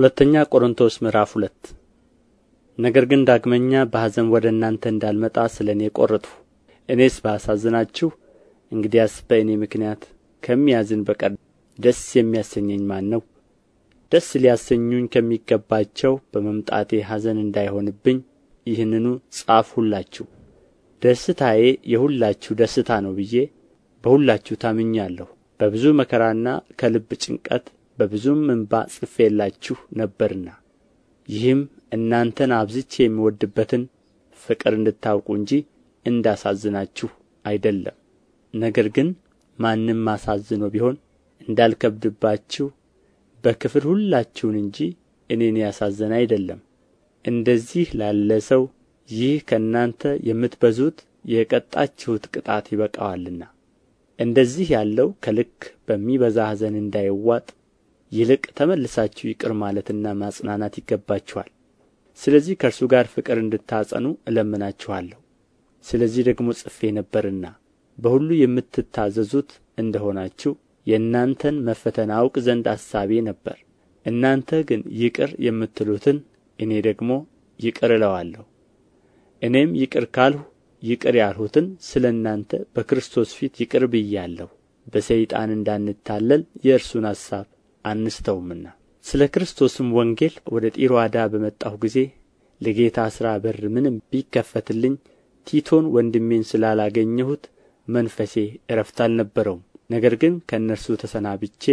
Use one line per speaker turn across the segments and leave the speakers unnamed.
ሁለተኛ ቆሮንቶስ ምዕራፍ ሁለት ነገር ግን ዳግመኛ በሐዘን ወደ እናንተ እንዳልመጣ ስለ እኔ ቈረጥሁ። እኔስ ባሳዝናችሁ እንግዲያስ በእኔ ምክንያት ከሚያዝን በቀር ደስ የሚያሰኘኝ ማን ነው? ደስ ሊያሰኙኝ ከሚገባቸው በመምጣቴ ሐዘን እንዳይሆንብኝ ይህንኑ ጻፍሁላችሁ። ደስታዬ የሁላችሁ ደስታ ነው ብዬ በሁላችሁ ታምኛለሁ። በብዙ መከራና ከልብ ጭንቀት በብዙም እንባ ጽፌላችሁ ነበርና ይህም እናንተን አብዝቼ የምወድበትን ፍቅር እንድታውቁ እንጂ እንዳሳዝናችሁ አይደለም ነገር ግን ማንም አሳዝኖ ቢሆን እንዳልከብድባችሁ በክፍል ሁላችሁን እንጂ እኔን ያሳዘነ አይደለም እንደዚህ ላለ ሰው ይህ ከእናንተ የምትበዙት የቀጣችሁት ቅጣት ይበቃዋልና እንደዚህ ያለው ከልክ በሚበዛ ሐዘን እንዳይዋጥ ይልቅ ተመልሳችሁ ይቅር ማለትና ማጽናናት ይገባችኋል። ስለዚህ ከእርሱ ጋር ፍቅር እንድታጸኑ እለምናችኋለሁ። ስለዚህ ደግሞ ጽፌ ነበርና በሁሉ የምትታዘዙት እንደሆናችሁ የእናንተን መፈተን አውቅ ዘንድ አሳቤ ነበር። እናንተ ግን ይቅር የምትሉትን እኔ ደግሞ ይቅር እለዋለሁ። እኔም ይቅር ካልሁ ይቅር ያልሁትን ስለ እናንተ በክርስቶስ ፊት ይቅር ብያለሁ። በሰይጣን እንዳንታለል የእርሱን ሐሳብ አንስተውምና ስለ ክርስቶስም ወንጌል ወደ ጢሮአዳ በመጣሁ ጊዜ ለጌታ ሥራ በር ምንም ቢከፈትልኝ ቲቶን ወንድሜን ስላላገኘሁት መንፈሴ እረፍት አልነበረውም ነገር ግን ከእነርሱ ተሰናብቼ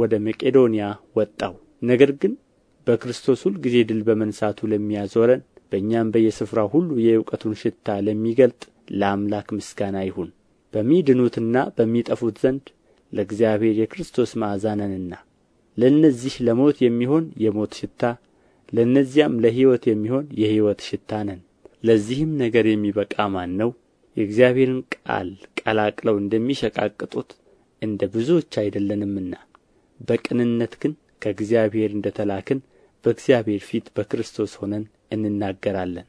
ወደ መቄዶንያ ወጣሁ ነገር ግን በክርስቶስ ሁል ጊዜ ድል በመንሳቱ ለሚያዞረን በእኛም በየስፍራው ሁሉ የእውቀቱን ሽታ ለሚገልጥ ለአምላክ ምስጋና ይሁን በሚድኑትና በሚጠፉት ዘንድ ለእግዚአብሔር የክርስቶስ መዓዛ ነንና ለእነዚህ ለሞት የሚሆን የሞት ሽታ ለእነዚያም ለሕይወት የሚሆን የሕይወት ሽታ ነን ለዚህም ነገር የሚበቃ ማን ነው የእግዚአብሔርን ቃል ቀላቅለው እንደሚሸቃቅጡት እንደ ብዙዎች አይደለንምና በቅንነት ግን ከእግዚአብሔር እንደ ተላክን በእግዚአብሔር ፊት በክርስቶስ ሆነን እንናገራለን